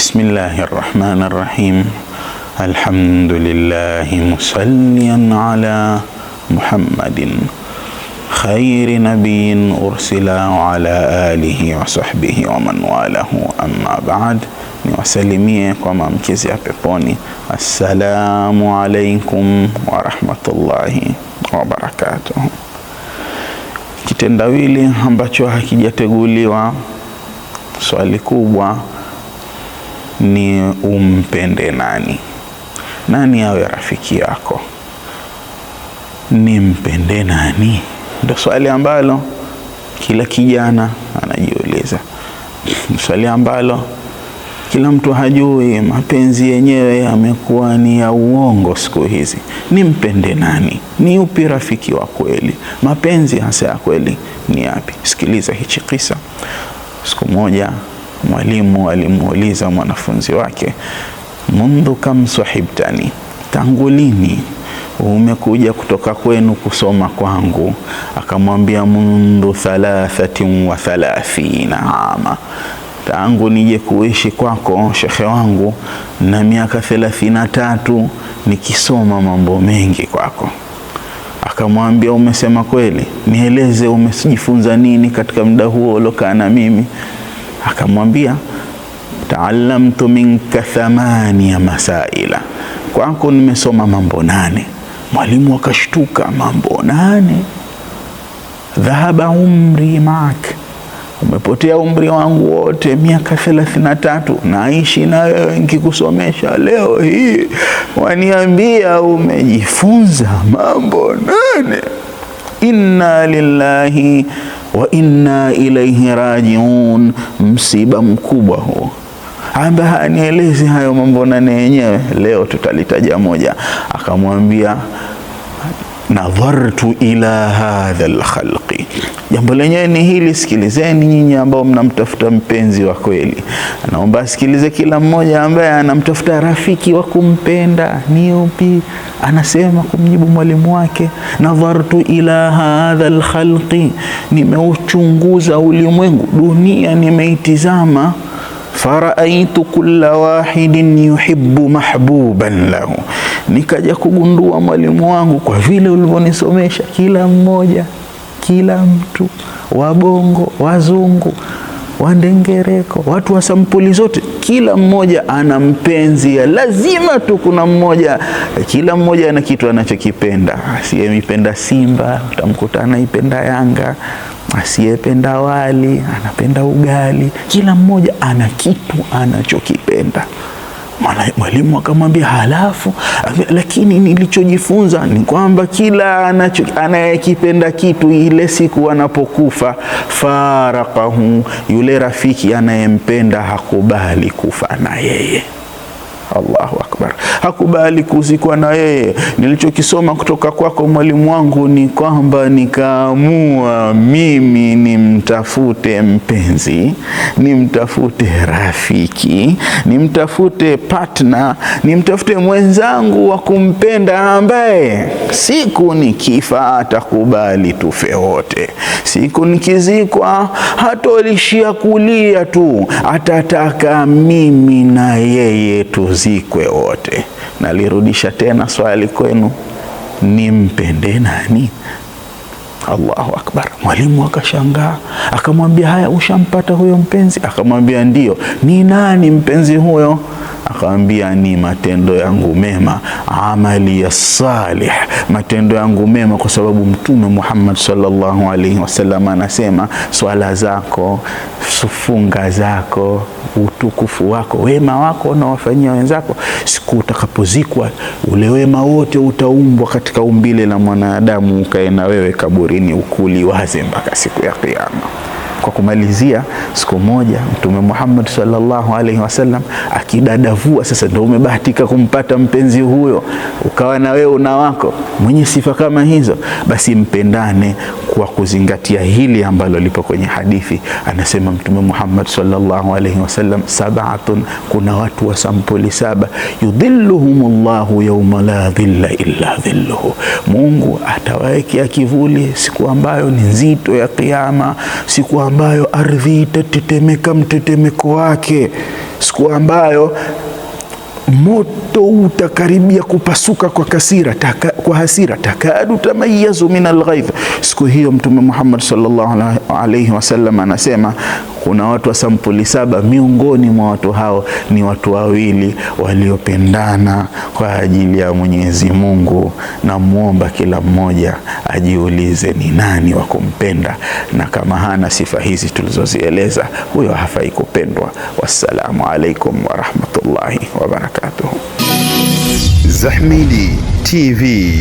بسم rahmani rahim. الرحيم الحمد ala Muhammadin khairi nabiyin ursila نبي ala alihi wa وصحبه ومن والاه walahu, بعد Niwasalimie kwa maamkizi ya peponi. Assalamu alaikum warahmatullahi rahmatullahi Kitendawili ambacho hakijateguliwa swali kubwa ni umpende nani? Nani awe rafiki yako? Nimpende nani? ndo swali ambalo kila kijana anajiuliza, swali ambalo kila mtu hajui. Mapenzi yenyewe yamekuwa ni ya uongo siku hizi. Nimpende nani? Ni upi rafiki wa kweli? Mapenzi hasa ya kweli ni yapi? Sikiliza hichi kisa. Siku moja Mwalimu alimuuliza mwanafunzi wake, mundhu kam sahibtani, tangu lini umekuja kutoka kwenu kusoma kwangu? Akamwambia, mundhu thalathatin wa thalathina ama, tangu nije kuishi kwako shekhe wangu na miaka thelathini na tatu nikisoma mambo mengi kwako. Akamwambia, umesema kweli, nieleze umejifunza nini katika muda huo uliokaa na mimi? akamwambia taallamtu minka thamania masaila, kwako nimesoma mambo nane. Mwalimu akashtuka, mambo nane? Dhahaba umri maak, umepotea umri wangu wote, miaka thelathini na tatu naishi na wewe nkikusomesha Leo hii waniambia umejifunza mambo nane. Inna lillahi wa inna ilaihi rajiun. Msiba mkubwa huo ambaye hanielezi hayo mambo nane yenyewe, leo tutalitaja moja. Akamwambia nadhartu ila hadha lkhalqi. Jambo lenyewe ni hili. Sikilizeni nyinyi ambao mnamtafuta mpenzi wa kweli, naomba asikilize kila mmoja ambaye anamtafuta rafiki wa kumpenda. Ni upi? Anasema kumjibu mwalimu wake, nadhartu ila hadha lkhalqi, nimeuchunguza ulimwengu, dunia nimeitizama faraaitu kulla wahidin yuhibbu mahbuban lahu nikaja kugundua mwalimu wangu, kwa vile ulivyonisomesha, kila mmoja, kila mtu, wabongo, wazungu, wandengereko, watu wa sampuli zote, kila mmoja ana mpenzi, lazima tu kuna mmoja, kila mmoja ana kitu anachokipenda. asiyeipenda Simba utamkuta anaipenda Yanga, asiyependa wali anapenda ugali. Kila mmoja ana kitu anachokipenda. Mwalimu akamwambia halafu, lakini nilichojifunza ni kwamba kila anayekipenda kitu ile siku anapokufa farakahu, yule rafiki anayempenda hakubali kufa na yeye. Allahu akbar akbar. Hakubali kuzikwa na yeye. Nilichokisoma kutoka kwako mwalimu wangu ni kwamba nikaamua mimi nimtafute mpenzi, nimtafute rafiki, nimtafute partner, nimtafute mwenzangu wa kumpenda ambaye siku nikifa atakubali tufe wote, siku nikizikwa hatolishia kulia tu, atataka mimi na yeye tuzikwe wote wote. Nalirudisha tena swali kwenu, nimpende nani? Allahu akbar. Mwalimu akashangaa akamwambia, haya, ushampata huyo mpenzi? Akamwambia ndio Ni nani mpenzi huyo? Akamwambia ni matendo yangu mema, amali ya salih, matendo yangu mema, kwa sababu Mtume Muhammad sallallahu alaihi wasallam anasema swala zako funga zako, utukufu wako, wema wako unawafanyia wenzako. Siku utakapozikwa ule wema wote utaumbwa katika umbile la mwanadamu, ukae na wewe kaburini, ukuliwaze mpaka siku ya Kiyama. Kwa kumalizia, siku moja Mtume Muhammad sallallahu alaihi wasallam akidadavua, sasa ndio umebahatika kumpata mpenzi huyo, ukawa na wewe una wako mwenye sifa kama hizo, basi mpendane kwa kuzingatia hili ambalo lipo kwenye hadithi. Anasema Mtume Muhammad sallallahu alaihi wasallam, sabatun, kuna watu wa sampuli saba, yudhilluhumullahu yawma la dhilla illa dhilluhu, Mungu atawaekea kivuli siku ambayo ni nzito ya Kiyama, siku ambayo ardhi itatetemeka mtetemeko wake, siku ambayo moto utakaribia kupasuka kwa kasira taka, kwa hasira takadu tamayazu min alghaidh. Siku hiyo Mtume Muhammad sallallahu alaihi wasallam anasema kuna watu wa sampuli saba. Miongoni mwa watu hao ni watu wawili waliopendana kwa ajili ya Mwenyezi Mungu. Namwomba kila mmoja ajiulize ni nani wa kumpenda, na kama hana sifa hizi tulizozieleza, huyo hafai kupendwa. Wassalamu alaikum warahmatullahi wabarakatuhu. Zahmidi TV.